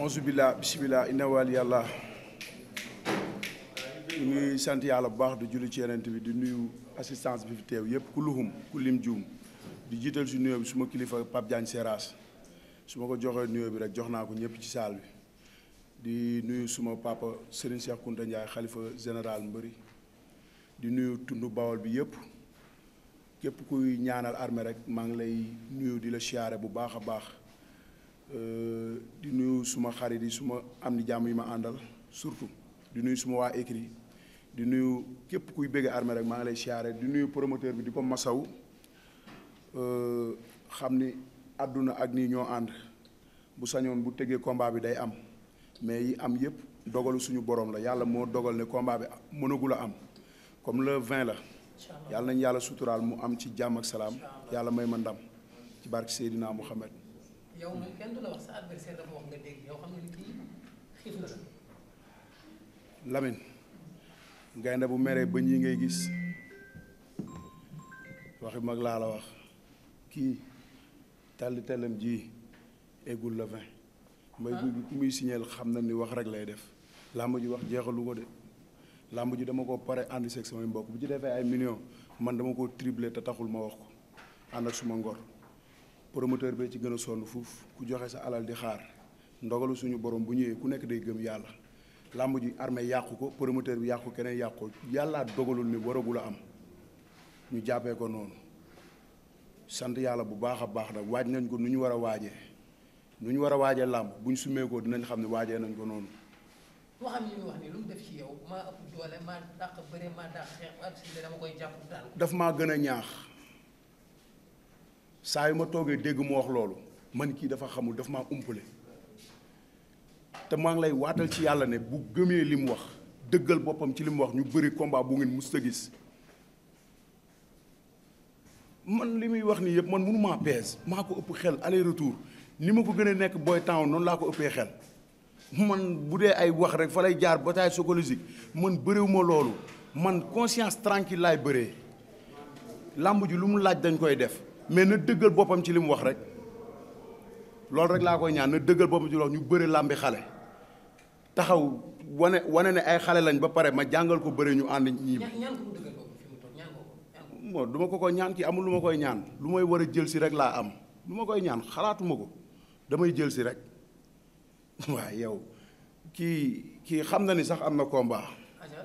auzubillah bismillah inna yàlla ñu ngi sant yàlla bu baax di julli ci yenent bi di nuyu assistance bi fi teew yëpp ku luxum ku lim juum di jiital si nuyoo bi su kilifa Pape Diagne Seras su ma ko joxee nuyoo bi rek jox naa ko ñëpp ci saal bi di nuyu suma papa Serigne Cheikh Kounta xalifa général mbëri di nuyu tund bawol bi yëpp képp kuy ñaanal armée rek maa ngi lay nuyu di la siyaare bu baax a baax euh, di nuyu suma xarit yi suma am ni jàmm yi ma àndal surtout di nuyu suma waa écrit di nuyu képp kuy bëgg armée rek maa ngi lay siyaare di nuyu promoteur bi di ko masaw euh, xam ni àdduna ak nii ñoo ànd bu sañoon bu tegee combat bi day am mais yi am yëpp dogalu suñu borom la yàlla moo dogal ne combat bi mënagul a am comme le vingt la yàlla nagn yàlla sutural mu am ci jàmm ak salam yàlla may ma ndam ci barke sayidina Mouhamed. yow mo kenn du la wax sa adversaire dafa wax nga deg yow xam nga ni kii la. Lamine ngayna bu mere bëñ yi ngay gis waxi mag la la wax ki tal talam ji egul le vingt. may bu ku muy signal xam na ni wax rek lay def làmb ji wax jeexalu ko de. làmb ji dama ko pare ànd seeg samay mbokk bu ci defee ay millions man dama ko tripler te taxul ma wax ko ànd ak suma ngor promoteur bee ci gën a sonn fuuf ku joxe sa alal di xaar ndogalu suñu borom bu ñëwee ku nekk day gëm yàlla làmb ji armée yàqu ko promoteur bi yàqu keneen yàqu ko yàllaa dogalul ni waragul a am ñu jàppee ko noonu sant yàlla bu baax a baax nag waaj nañ ko nu ñu war a waajee nu ñu war a waajee làmb bu ñu sumee ko dinañ xam ne waajee nañ ko noonu waxam lu mu def ci yow maa ëpp doole maa dàq bëre maa dàq xeex ak si dama koy jàpp daal. daf maa gën a ñaax saa yu ma toogee dégg mu wax loolu man kii dafa xamul daf ma umpale te maa ngi lay waatal ci yàlla ne bu gëmee li mu wax dëggal boppam ci li wax ñu bëri combat bu ngeen mus a gis man li muy wax nii yëpp man mënu maa peese maa ko ëpp xel aller retour ni ma ko gën a nekk booy temps noonu laa ko ëppee xel. man boudé ay wax rek falay jaar bataille psychologique man mo loolu man conscience tranquille lay bëree lamb ju lu laaj dañ koy def mais na deugal bopam ci li wax rek loolu rek la koy ñaan na deugal bopam ci wax ñu bëri lambi xalé taxaw wane wane ne ay xalé lañ ba pare ma jangal ko bëri ñu and ñi mo duma ko ko koy ñaan ki amul luma koy ñaan lumay wara jël ci rek la am luma koy ñaan xalaatuma ko damay jël ci rek waaw yow kii kii xam na ni sax am na combat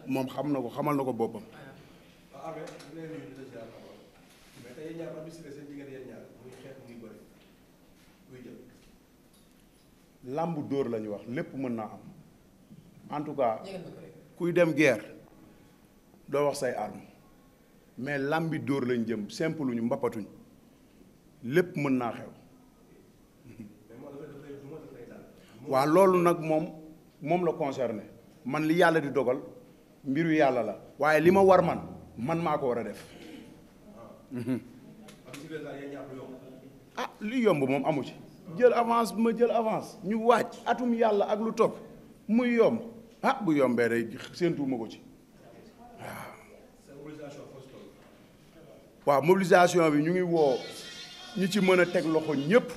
moom xam na ko xamal na ko boppam. làmb dóor la ñu wax lépp mën naa am en tout cas kuy dem guerre doo wax say arme mais làmbi dóor lañ jëm simple ñu lépp mën naa xew. waa loolu nag moom moom la concerné man li yàlla di dogal mbir mbiru yàlla la waaye li ma war man man maa ko war a def ah li yomb moom amu ci jël avance ma jël avance ñu wàcc atum yàlla ak lu topp muy yomb ah bu yombee day séentuwuma ko ci waaw waaw mobilisation bi ñu ngi woo ñu ci mën a teg loxo ñëpp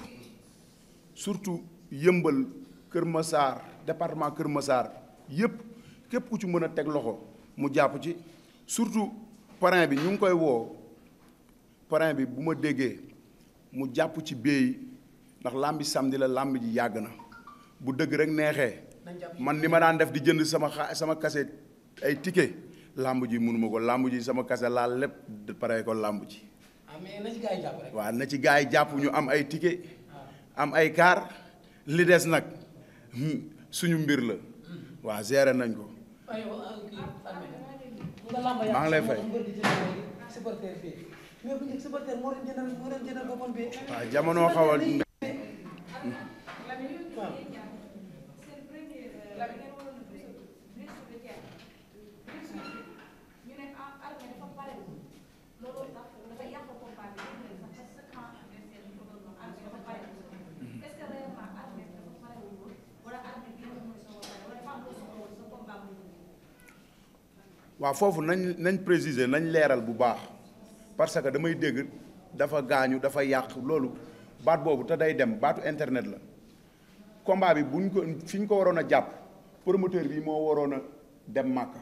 surtout yëmbal Kër Massar département Kër Massar yépp képp ku ci mën a teg loxo mu jàpp ci surtout parrain bi ñu ngi koy woo parrain bi bu ma déggee mu jàpp ci béy ndax làmbi samedi la làmbi ji yàgg na bu dëgg rek neexee man li ma daan def di jënd sama xa sama kase ay ticket làmb ji mënuma ko làmb ji sama kase laal lépp pare ko làmb ji ah, waa na ci gars yi jàpp ñu am ay ticket ah. am ay kaar li des nag Hmm, suñu mbir la waa gere nañ ko. maa ngi lay fay. waaw jamono xaw hmm. waaw foofu nañ nañ préciser nañ leeral bu baax parce que damay dégg dafa gaañu dafa yàq loolu baat boobu te day dem baatu internet la combat bi buñ ko fi ñu ko waroon a jàpp promoteur bii moo waroon a dem màkk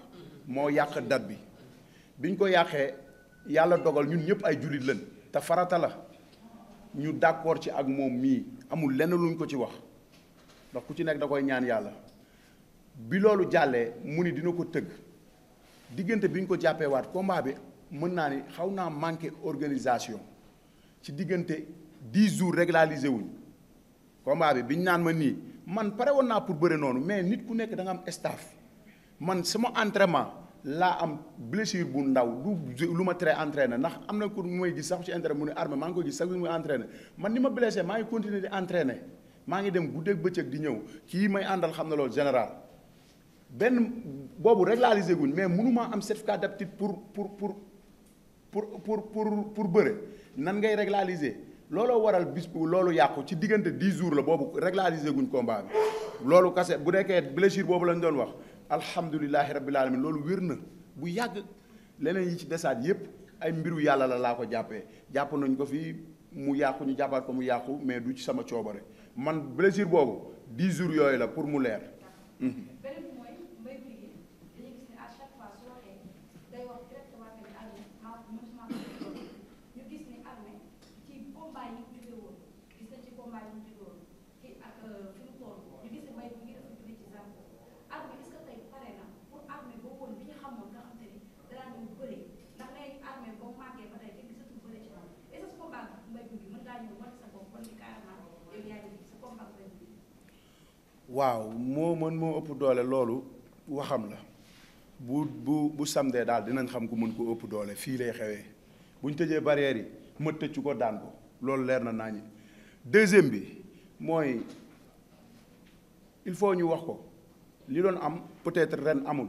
moo yàq date bi biñ ko yàqee yàlla dogal ñun ñëpp ay jullit lañ te farata la ñu d'accord ci ak moom mii amul lenn luñ ko ci wax ndax ku ci nekk da koy ñaan yàlla bi loolu jàllee mu ni dina ko tëgg diggante bi ñu ko jàppee waat combat bi mën naa ni xaw naa manqué organisation ci diggante dix jours régulariser wuñ combat bi ñu naan ma nii man pare woon naa pour bëre noonu mais nit ku nekk da nga am staff man sama entraînement laa am blessure bu ndaw du lu ma tere entraîné ndax am na ku may gis sax ci entraîné mu ne armé maa ngi koy gis sax muy entraîné man ni ma blessé maa ngi continuer di entraîné maa ngi dem guddeeg bëccëg di ñëw kii may àndal xam na loolu général ben régler les guñ mais mënuma am certificat d'aptitude pour pour pour pour pour pour pour pour nan ngay pour pour waral bis pour pour ci 10 jours la pour pour guñ combat bi. pour bu pour blessure lañ wax alamin bu leneen yi ci yépp ay la ko mu ñu mais du ci sama pour man blessure pour waaw moo mën moo ëpp doole loolu waxam la bu bu bu samdee daal dinañ xam ku mën koo ëpp doole fii lay xewee bu ñu tëjee barrière yi ma tëcc ko daan ko loolu leer na naa ñi deuxième bi mooy il faut ñu wax ko li doon am peut-être ren amul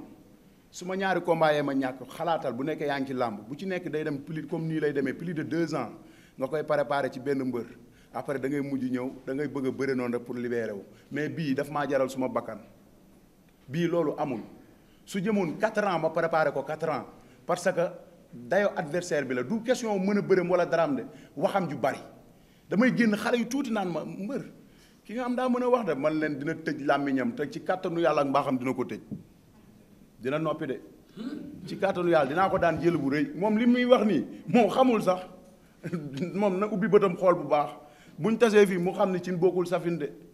su ma ñaari combat yee ma ñàkk xalaatal bu nekkee yaa ngi ci làmb bu ci nekk day dem plus comme nii lay demee plus de deux ans nga koy préparer ci benn mbër après da ngay mujj ñëw da ngay bëgg a noonu rek pour libérer wu mais bii daf maa jaral suma bakkan bii loolu amul su jëmoon quatre ans ma préparé ko quatre ans parce que dayo adversaire bi la du question mën a bërëm wala daraam de waxam ju bari damay génn xale yu tuuti naan ma mbër ki nga am daa mën a wax de man leen dina tëj làmmiñam te ci kàttanu yàlla ak mbaaxam dina ko tëj dina noppi de ci kàttanu yàlla dinaa ko daan jël bu rëy moom li muy wax nii moom xamul sax moom na ubbi bëtam xool bu baax buñ tasee fi mu xam ne cin bokkul safin de